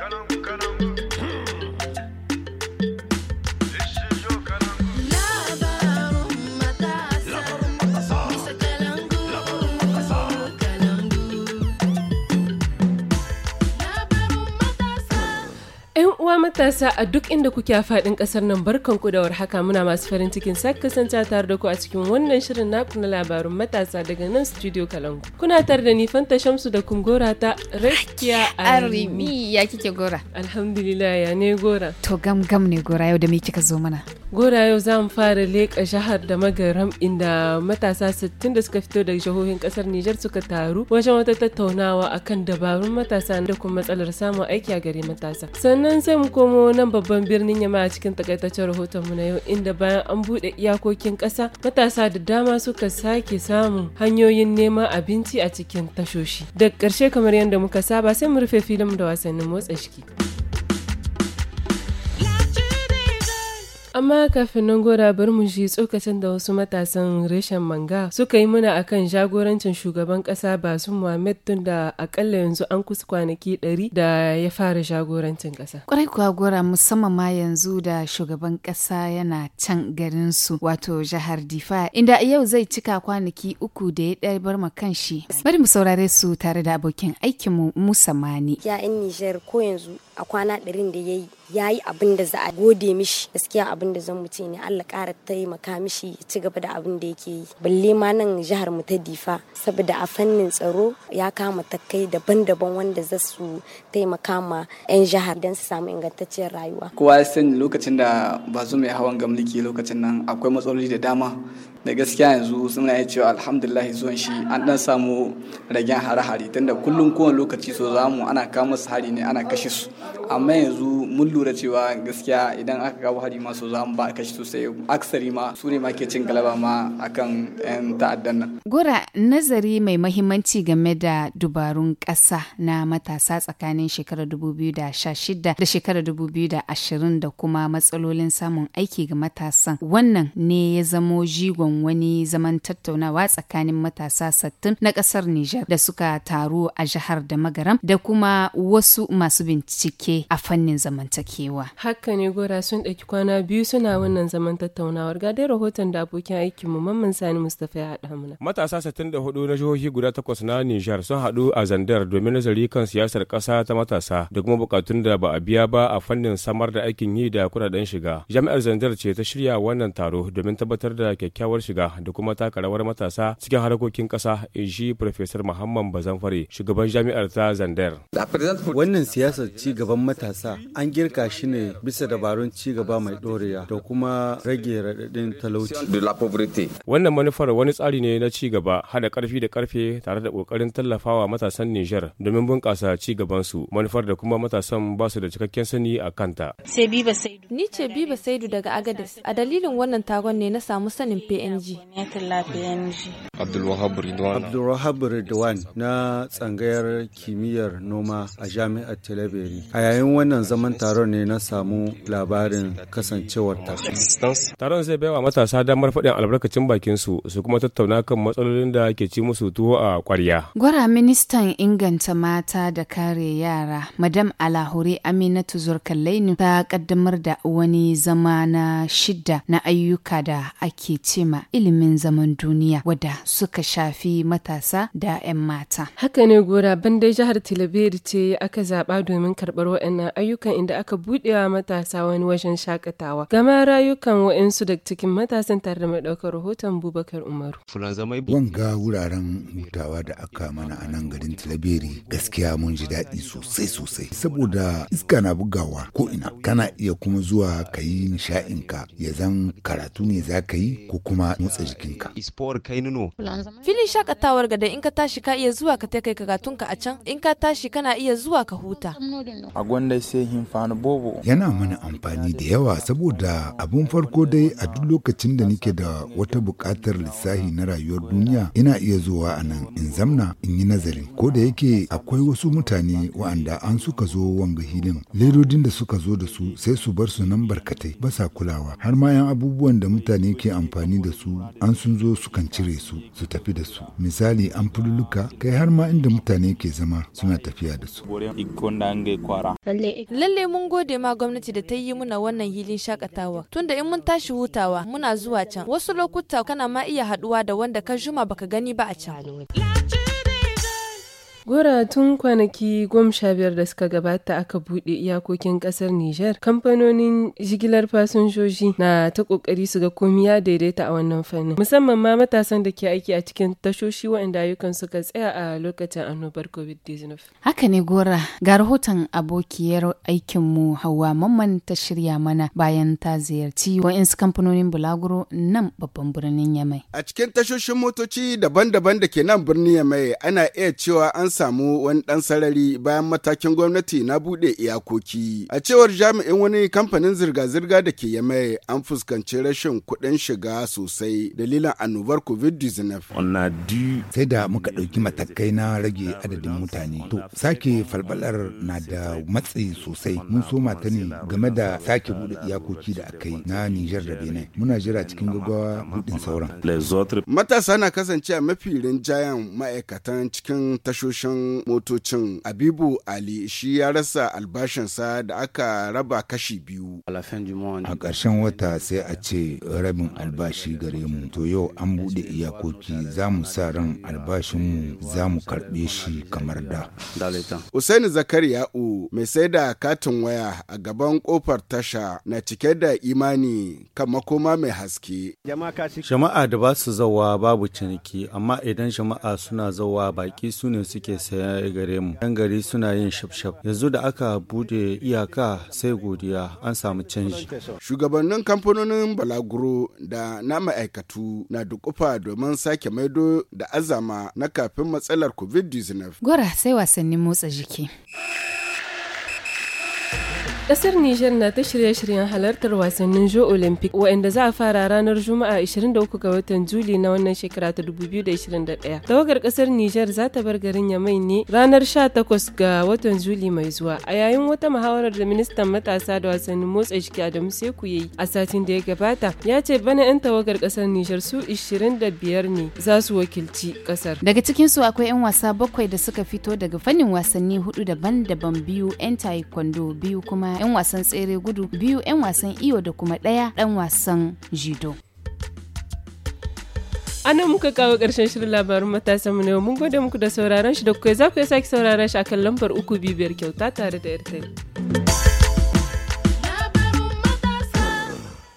come on. matasa a duk inda kuke a faɗin ƙasar nan barkanku da warhaka muna masu farin cikin sake kasance tare da ku a cikin wannan shirin naku na labarun matasa daga nan studio Kalangu. Kuna tare da ni Fanta Shamsu da kun gora ta Rakiya Arimi. Ya kike gora? Alhamdulillah ya ne gora. To gam gam ne gora yau da me kika zo mana? Gora yau za mu fara leƙa jihar da magaram inda matasa 60 da suka fito daga jihohin kasar Nijar suka taru wajen wata tattaunawa akan dabarun matasa da kuma matsalar samun aiki a gare matasa. Sannan sai mu komo nan babban birnin Yamma a cikin takaitaccen rahoton mu na yau inda bayan an buɗe iyakokin ƙasa matasa da dama suka sake samun hanyoyin neman abinci a cikin tashoshi. Da ƙarshe kamar yadda muka saba sai mu rufe filin da wasannin motsa jiki. Amma kafin nan gora bar mu shi tsokacin da wasu matasan reshen manga suka yi muna akan jagorancin shugaban kasa Basu muhammed tun da akalla yanzu an kusa kwanaki ɗari da ya fara jagorancin kasa. Kwarai kuwa gora musamman ma yanzu da shugaban kasa yana can garin su wato jihar Difa inda yau zai cika kwanaki uku da ya ɗari bar ma kan shi. Bari mu saurare su tare da abokin aikinmu musamman. Mani. Ya in Nijar ko yanzu a kwana ɗarin da ya yi ya yi abin da za a gode mishi gaskiya abin da zan mutu ne Allah ƙara taimaka mishi ya ci gaba da abin da yake yi balle ma nan jihar mu ta difa saboda a fannin tsaro ya kama ta kai daban-daban wanda za su taimaka ma 'yan jihar don su samu ingantacciyar rayuwa kowa ya sani lokacin da su mai hawan gamliki lokacin nan akwai matsaloli da dama da gaskiya yanzu suna iya cewa alhamdulillah zuwan shi an dan samu ragen hare-hare tunda kullum kowane lokaci so zamu ana kama su hari ne ana kashe su amma yanzu mun lura cewa gaskiya idan aka kawo hari masu za mu ba kashi sosai aksari ma su ne ma ke cin galaba ma akan 'yan ta'addan nan. Gora nazari mai mahimmanci game da dubarun ƙasa na matasa tsakanin shekarar 2016 da shekarar 2020 da kuma matsalolin samun aiki ga matasan wannan ne ya zamo jigon wani zaman tattaunawa tsakanin matasa sattin na ƙasar Nijar da suka taru a jihar da magaram da kuma wasu masu bincike a fannin zamantakewa. Haka ne gora sun ɗauki kwana biyu suna wannan zaman tattaunawar ga rahoton da abokin aikin mu Sani Mustapha ya haɗa mana. Matasa 64 na jihohi guda takwas na Nijar sun haɗu a Zandar domin nazari kan siyasar ƙasa ta matasa da kuma buƙatun da ba a biya ba a fannin samar da aikin yi da kuɗaɗen shiga. Jami'ar Zandar ce ta shirya wannan taro domin tabbatar da kyakkyawar shiga da kuma taka rawar matasa cikin harkokin ƙasa in ji Profesor Muhammad Bazanfare shugaban jami'ar ta Zandar. Wannan siyasar ci gaban matasa an girka shi ne bisa dabarun ci gaba mai ɗorewa da kuma rage raɗaɗin talauci. Wannan manufar wani tsari ne na ci gaba haɗa ƙarfi da ƙarfe tare da ƙoƙarin tallafawa matasan Nijar domin bunƙasa ci gabansu manufar da kuma matasan ba su da cikakken sani a kanta. Ni ce Biba Saidu daga Agadez a dalilin wannan tagon ne na samu sanin PNG. Abdulwahab Ridwan na tsangayar kimiyyar noma a jami'ar Talabiri a yayin wannan zaman taron ne na samu labarin kasancewarta. Taron zai wa matasa damar faɗin albarkacin bakinsu su su kuma tattauna kan matsalolin da ke ci musu tuwo a kwarya. Gwara ministan inganta mata da kare yara, Madam Alahuri Aminatu ne ta kaddamar da wani zama na shidda na ayyuka da ake cema ilimin zaman duniya wadda suka shafi matasa da 'yan mata. Haka ne gora bandai jihar talabiyar ce aka zaba domin karɓar waɗannan ayyukan inda aka buɗe wa matasa wani wajen shakatawa. Gama rayukan wa'insu da cikin matasan tare da mai ɗaukar rahoton Bubakar Umaru. Wanga wuraren hutawa da aka mana a nan garin Tilaberi gaskiya mun ji daɗi sosai sosai saboda iska na bugawa ko ina kana iya kuma zuwa ka yi nisha'inka ya zan karatu ne za ka yi ko kuma motsa jikinka. Filin shakatawar gada in ka tashi ka iya zuwa ka ta kai karatunka a can in ka tashi kana iya zuwa ka huta. Yana mana amfani da yawa saboda abun farko dai a duk lokacin da nike da wata buƙatar lissahi na rayuwar duniya ina iya zuwa a nan in zamna in yi nazari. Ko da yake akwai wasu mutane wa'anda an suka zo wanga hilin ledodin da suka zo da su sai su bar su nan barkatai ba sa kulawa har ma yan abubuwan da mutane ke amfani da su an sun zo sukan cire su su tafi da su misali an fululuka kai har ma inda mutane ke zama suna tafiya da su Lalle mun gode ma gwamnati da ta yi muna wannan hilin shakatawa. Tunda in mun tashi hutawa muna zuwa can. Wasu lokuta kana ma iya haduwa da wanda ka juma baka gani ba a can. Gora tun kwanaki goma sha biyar da suka gabata aka buɗe iyakokin ƙasar Nijar, kamfanonin jigilar fasinjoji na ta ƙoƙari su ga komi daidaita a wannan fannin. Musamman ma matasan da ke aiki a cikin tashoshi waɗanda ayyukan suka tsaya a lokacin annobar COVID-19. Haka ne Gora, ga rahoton abokiyar aikinmu Hauwa Mamman ta shirya mana bayan ta ziyarci wa'insu kamfanonin bulaguro nan babban birnin Yamai. A cikin tashoshin motoci daban-daban da ke nan birnin Yamai ana iya cewa an samu wani ɗan sarari bayan matakin gwamnati na buɗe iyakoki. A cewar jami'in wani kamfanin zirga-zirga da ke Yamai an fuskanci rashin kuɗin shiga sosai dalilin annobar COVID-19. Sai da muka ɗauki matakai na rage adadin mutane. To, sake falbalar na da matsi sosai. Mun so mata ne game da sake buɗe iyakoki da aka yi na Nijar da Benin. Muna jira cikin gaggawa buɗin sauran. Matasa na kasance a mafi rinjayen ma'aikatan cikin tashoshin mashin motocin abibu ali shi ya rasa albashinsa da aka raba kashi biyu a ƙarshen wata sai a ce rabin albashi gare mu to yau an buɗe iyakoki za mu sa ran albashinmu za mu karɓe shi kamar da usaini yau mai sai da katin waya a gaban kofar tasha na cike da imani kan makoma mai haske jama'a da ba su zawa babu ciniki amma idan jama'a suna zawa baki su ne suke ake saya gare mu yan gari suna yin shafshaf yanzu da aka bude iyaka sai godiya an samu canji shugabannin kamfanonin balaguro da na ma'aikatu na dukufa domin sake maido da azama na kafin matsalar covid-19 gwara sai wasannin motsa jiki Kasar Nijar na ta shirye-shiryen halartar wasannin Jo Olympic waɗanda za a fara ranar Juma'a 23 ga watan Juli na wannan shekara ta 2021. Tawagar kasar Nijar za ta bar garin Yamai ne ranar 18 ga watan Juli mai zuwa. A yayin wata muhawarar da ministan matasa da wasannin motsa jiki Adamu Seku ya yi a satin da ya gabata, ya ce bana 'yan tawagar kasar Nijar su 25 ne za su wakilci kasar. Daga cikin su akwai 'yan wasa bakwai da suka fito daga fannin wasanni hudu daban-daban biyu 'yan taekwondo biyu kuma 'yan wasan tsere gudu biyu 'yan wasan iyo da kuma ɗaya ɗan wasan jido ana muka kawo ƙarshen shirin labarin matasan mu ne mun gode muku da sauraron shi da kuka za ku sake sauraron shi akan lambar uku biyar kyauta tare da airtel